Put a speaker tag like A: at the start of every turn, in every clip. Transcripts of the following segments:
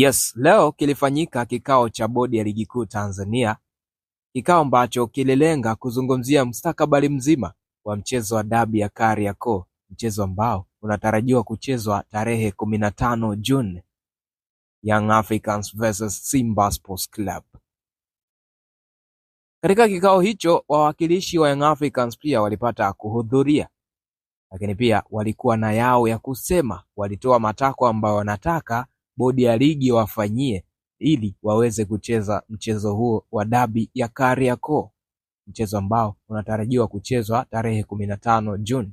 A: Yes, leo kilifanyika kikao cha bodi ya ligi kuu Tanzania, kikao ambacho kililenga kuzungumzia mustakabali mzima wa mchezo wa dabi ya Kariakoo, mchezo ambao unatarajiwa kuchezwa tarehe 15 na Juni, Young Africans versus Simba Sports Club. Katika kikao hicho wawakilishi wa Young Africans pia walipata kuhudhuria, lakini pia walikuwa na yao ya kusema. Walitoa matakwa ambayo wanataka bodi ya ligi wafanyie ili waweze kucheza mchezo huo wa dabi ya Kariakoo, mchezo ambao unatarajiwa kuchezwa tarehe 15 Juni.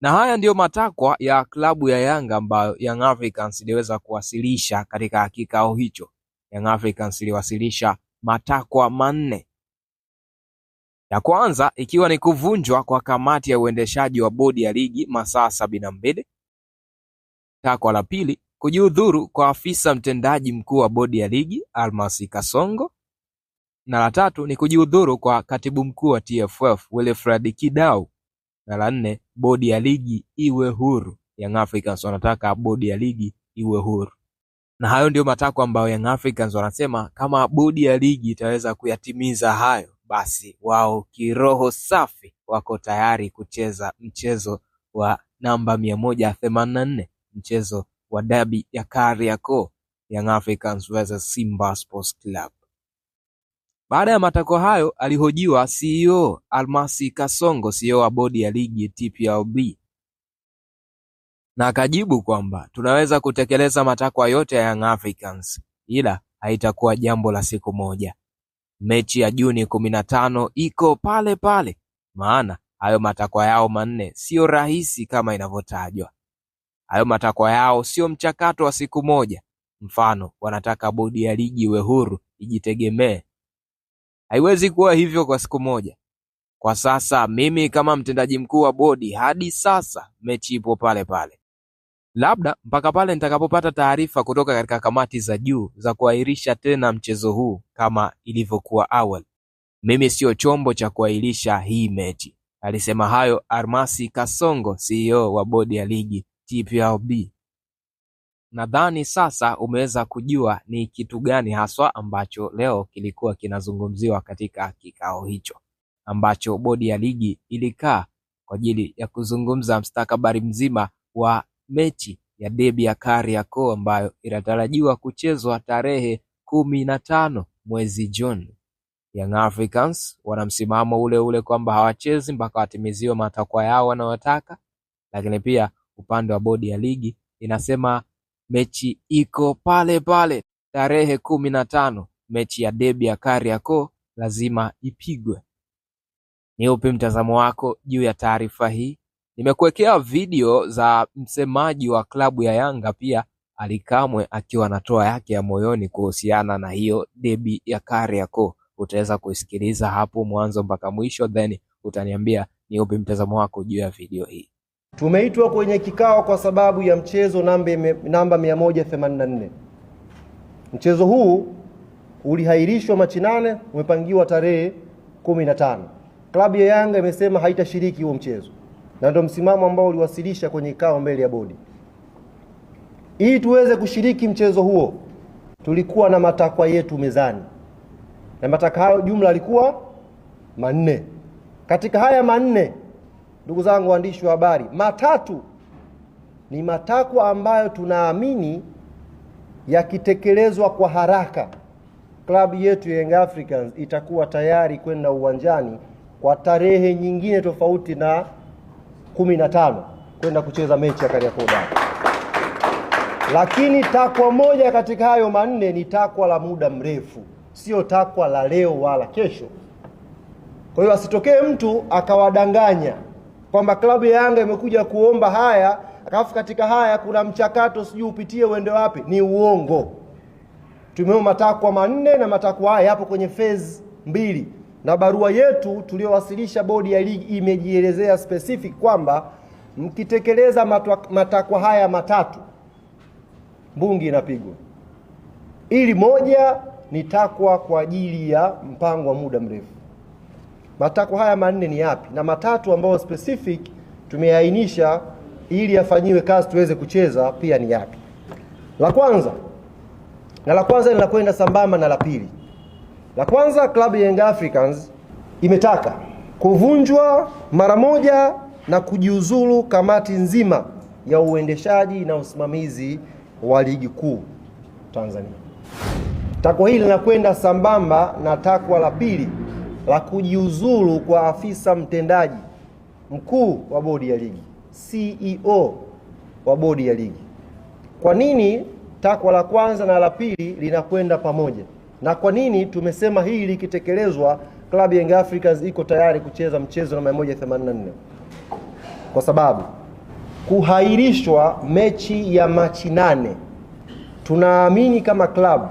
A: Na haya ndiyo matakwa ya klabu ya Yanga ambayo Young Africans iliweza kuwasilisha katika kikao hicho. Young Africans iliwasilisha matakwa manne. Ya kwanza ikiwa ni kuvunjwa kwa kamati ya uendeshaji wa bodi ya ligi masaa sabini na mbili. Takwa la pili kujiudhuru kwa afisa mtendaji mkuu wa bodi ya ligi Almas Kasongo na la tatu ni kujiudhuru kwa katibu mkuu wa TFF Wilfred Kidau na la nne bodi ya ligi iwe huru. Young Africans wanataka bodi ya ligi iwe huru, na hayo ndio matakwa ambayo Young Africans wanasema kama bodi ya ligi itaweza kuyatimiza hayo, basi wao kiroho safi wako tayari kucheza mchezo wa namba mia moja nne mchezo wa dabi ya Kariakoo, Young Africans vs Simba Sports Club. Baada ya matakwa hayo, alihojiwa CEO Almasi Kasongo, CEO wa bodi ya ligi TPLB, na akajibu kwamba tunaweza kutekeleza matakwa yote ya Young Africans, ila haitakuwa jambo la siku moja. Mechi ya Juni 15 iko pale pale, maana hayo matakwa yao manne siyo rahisi kama inavyotajwa. Hayo matakwa yao sio mchakato wa siku moja. Mfano, wanataka bodi ya ligi iwe huru, ijitegemee. Haiwezi kuwa hivyo kwa siku moja. Kwa sasa mimi kama mtendaji mkuu wa bodi, hadi sasa mechi ipo pale pale, labda mpaka pale nitakapopata taarifa kutoka katika kamati za juu za kuahirisha tena mchezo huu kama ilivyokuwa awali. Mimi sio chombo cha kuahirisha hii mechi. Alisema hayo armasi Kasongo, CEO wa bodi ya ligi TPLB nadhani sasa umeweza kujua ni kitu gani haswa ambacho leo kilikuwa kinazungumziwa katika kikao hicho ambacho bodi ya ligi ilikaa kwa ajili ya kuzungumza mstakabari mzima wa mechi ya debi ya Kariakoo ambayo inatarajiwa kuchezwa tarehe kumi na tano mwezi Juni. Young Africans wana msimamo ule ule kwamba hawachezi mpaka watimiziwe matakwa yao wanayotaka, lakini pia upande wa bodi ya ligi inasema mechi iko pale pale tarehe kumi na tano mechi ya debi ya Kariakoo lazima ipigwe. Ni upi mtazamo wako juu ya taarifa hii? Nimekuwekea video za msemaji wa klabu ya Yanga pia Ali Kamwe akiwa anatoa yake ya moyoni kuhusiana na hiyo debi ya Kariakoo. Utaweza kuisikiliza hapo mwanzo mpaka mwisho, then utaniambia ni upi mtazamo wako juu ya video hii.
B: Tumeitwa kwenye kikao kwa sababu ya mchezo namba 184. Mchezo huu ulihairishwa Machi nane, umepangiwa tarehe 15. Klabu ya Yanga imesema haitashiriki huo mchezo, na ndio msimamo ambao uliwasilisha kwenye kikao mbele ya bodi. Ili tuweze kushiriki mchezo huo, tulikuwa na matakwa yetu mezani, na matakwa hayo jumla alikuwa manne. Katika haya manne Ndugu zangu waandishi wa habari, matatu ni matakwa ambayo tunaamini yakitekelezwa kwa haraka, klabu yetu ya Young Africans itakuwa tayari kwenda uwanjani kwa tarehe nyingine tofauti na 15 kwenda kucheza mechi ya Kariakoo Lakini takwa moja katika hayo manne ni takwa la muda mrefu, sio takwa la leo wala kesho. Kwa hiyo asitokee mtu akawadanganya kwamba klabu ya Yanga imekuja kuomba haya, alafu katika haya kuna mchakato sijui upitie uende wapi, ni uongo. Tumeo matakwa manne na matakwa haya yapo kwenye phase mbili, na barua yetu tuliyowasilisha bodi ya ligi imejielezea specific kwamba mkitekeleza matakwa haya matatu mbungi inapigwa, ili moja ni takwa kwa ajili ya mpango wa muda mrefu Matakwa haya manne ni yapi, na matatu ambayo specific tumeainisha ili yafanyiwe kazi tuweze kucheza pia ni yapi? La kwanza na la kwanza linakwenda sambamba na la pili. La kwanza, klabu ya Young Africans imetaka kuvunjwa mara moja na kujiuzulu kamati nzima ya uendeshaji na usimamizi wa ligi kuu Tanzania. Takwa hili linakwenda sambamba na takwa la pili la kujiuzulu kwa afisa mtendaji mkuu wa bodi ya ligi, CEO wa bodi ya ligi. Kwa nini takwa la kwanza na la pili linakwenda pamoja, na kwa nini tumesema hili likitekelezwa klabu ya Young Africans iko tayari kucheza mchezo na 184? Kwa sababu kuhairishwa mechi ya Machi nane, tunaamini kama klabu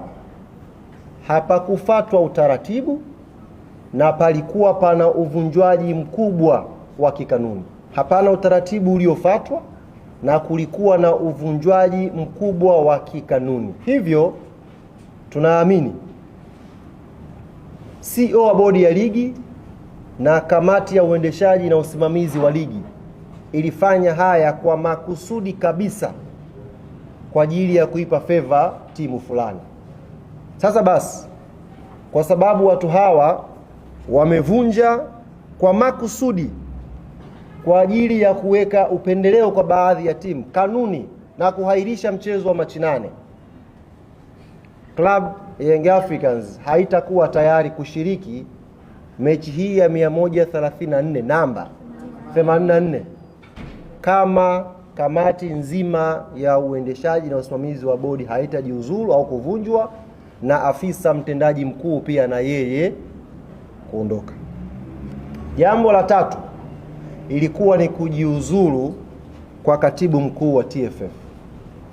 B: hapakufuatwa utaratibu na palikuwa pana uvunjwaji mkubwa wa kikanuni, hapana utaratibu uliofuatwa na kulikuwa na uvunjwaji mkubwa wa kikanuni. Hivyo tunaamini CEO wa bodi ya ligi na kamati ya uendeshaji na usimamizi wa ligi ilifanya haya kwa makusudi kabisa kwa ajili ya kuipa feva timu fulani. Sasa basi, kwa sababu watu hawa wamevunja kwa makusudi kwa ajili ya kuweka upendeleo kwa baadhi ya timu kanuni na kuhairisha mchezo wa Machi nane. Club Young Africans haitakuwa tayari kushiriki mechi hii ya 134 namba 84 kama kamati nzima ya uendeshaji na usimamizi wa bodi haitajiuzuru au kuvunjwa na afisa mtendaji mkuu pia na yeye kuondoka. Jambo la tatu ilikuwa ni kujiuzuru kwa katibu mkuu wa TFF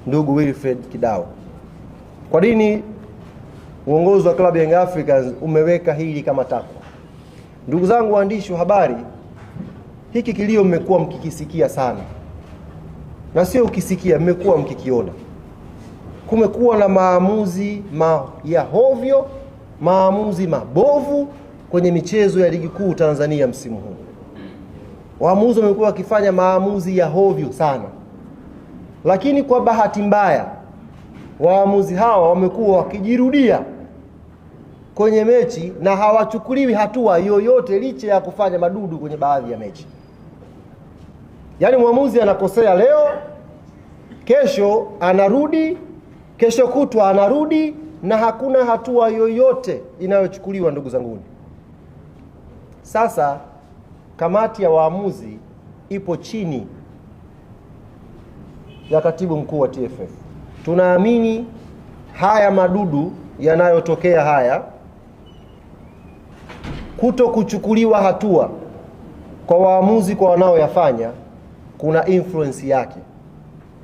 B: ndugu Wilfred Kidao. Kwa nini uongozi wa klabu ya Young Africans umeweka hili kama takwa? Ndugu zangu waandishi wa habari, hiki kilio mmekuwa mkikisikia sana, na sio ukisikia, mmekuwa mkikiona. Kumekuwa na maamuzi ma ya hovyo, maamuzi mabovu kwenye michezo ya ligi kuu Tanzania msimu huu. Waamuzi wamekuwa wakifanya maamuzi ya hovyo sana, lakini kwa bahati mbaya waamuzi hawa wamekuwa wakijirudia kwenye mechi na hawachukuliwi hatua yoyote licha ya kufanya madudu kwenye baadhi ya mechi. Yaani mwamuzi anakosea leo, kesho anarudi, kesho kutwa anarudi, na hakuna hatua yoyote inayochukuliwa, ndugu zanguni. Sasa kamati ya waamuzi ipo chini ya katibu mkuu wa TFF. Tunaamini haya madudu yanayotokea haya, kuto kuchukuliwa hatua kwa waamuzi kwa wanaoyafanya, kuna influence yake,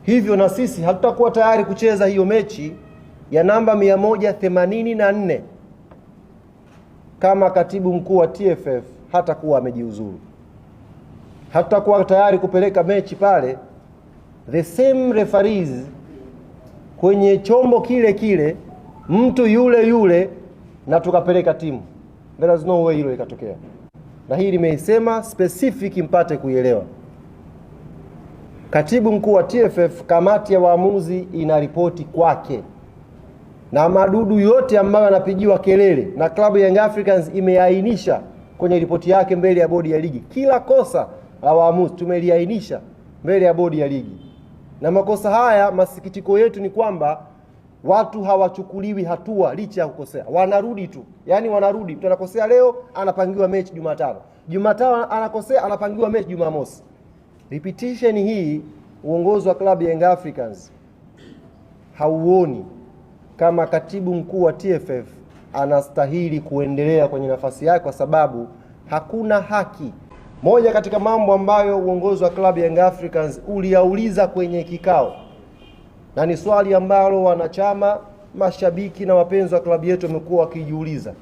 B: hivyo na sisi hatutakuwa tayari kucheza hiyo mechi ya namba 184 kama katibu mkuu wa TFF hata kuwa amejiuzuru, hata kuwa tayari kupeleka mechi pale the same referees kwenye chombo kile kile mtu yule yule na tukapeleka timu. There is no way hilo likatokea, na hii nimeisema specific mpate kuielewa. Katibu mkuu wa TFF, kamati ya waamuzi ina ripoti kwake, na madudu yote ambayo anapigiwa kelele na klabu Young Africans imeainisha kwenye ripoti yake mbele ya bodi ya ligi. Kila kosa la waamuzi tumeliainisha mbele ya bodi ya ligi, na makosa haya, masikitiko yetu ni kwamba watu hawachukuliwi hatua licha ya kukosea, wanarudi tu, yaani wanarudi. Mtu anakosea leo, anapangiwa mechi Jumatano, Jumatano anakosea, anapangiwa mechi Jumamosi. Repetition hii uongozi wa klabu ya Young Africans hauoni kama katibu mkuu wa TFF anastahili kuendelea kwenye nafasi yake, kwa sababu hakuna haki. Moja katika mambo ambayo uongozi wa klabu ya Young Africans uliyauliza kwenye kikao, na ni swali ambalo wanachama, mashabiki na wapenzi wa klabu yetu wamekuwa wakijiuliza,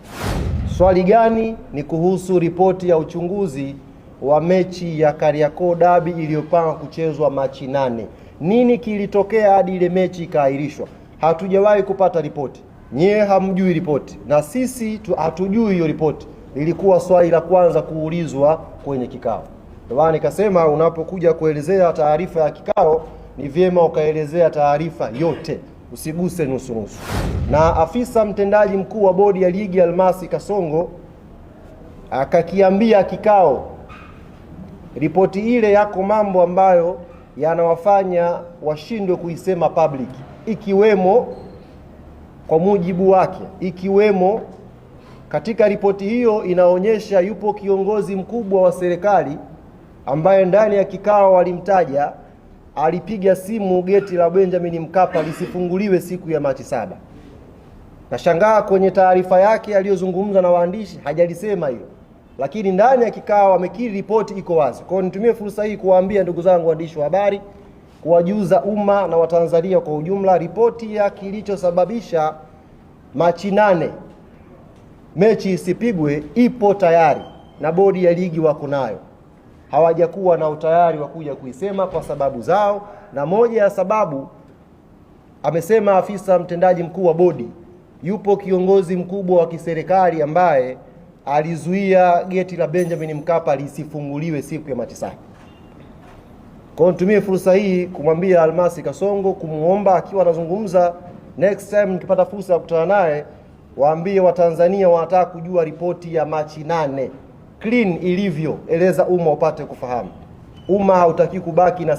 B: swali gani? Ni kuhusu ripoti ya uchunguzi wa mechi ya Kariakoo dabi iliyopangwa kuchezwa Machi nane. Nini kilitokea hadi ile mechi ikaahirishwa? Hatujawahi kupata ripoti nyie hamjui ripoti na sisi hatujui hiyo ripoti. Lilikuwa swali la kwanza kuulizwa kwenye kikao. Ndio maana nikasema unapokuja kuelezea taarifa ya kikao ni vyema ukaelezea taarifa yote, usiguse nusu nusu. Na afisa mtendaji mkuu wa bodi ya ligi Almasi Kasongo akakiambia kikao, ripoti ile yako mambo ambayo yanawafanya washindwe kuisema public, ikiwemo kwa mujibu wake, ikiwemo katika ripoti hiyo inaonyesha yupo kiongozi mkubwa wa serikali ambaye ndani ya kikao walimtaja, alipiga simu geti la Benjamin Mkapa lisifunguliwe siku ya Machi saba. Nashangaa kwenye taarifa yake aliyozungumza na waandishi hajalisema hiyo lakini ndani ya kikao amekiri, ripoti iko wazi. Kwa hiyo nitumie fursa hii kuwaambia ndugu zangu waandishi wa habari kuwajuza umma na Watanzania kwa ujumla ripoti ya kilichosababisha Machi nane mechi isipigwe ipo tayari na bodi ya ligi wako nayo. Hawajakuwa na utayari wa kuja kuisema kwa sababu zao, na moja ya sababu amesema afisa mtendaji mkuu wa bodi, yupo kiongozi mkubwa wa kiserikali ambaye alizuia geti la Benjamin Mkapa lisifunguliwe siku ya Machi saba. Kwa nitumie fursa hii kumwambia Almasi Kasongo, kumwomba akiwa anazungumza next time nikipata fursa ya kukutana naye, waambie Watanzania wanataka kujua ripoti ya Machi nane clean ilivyo, eleza umma upate kufahamu. Umma hautaki kubaki na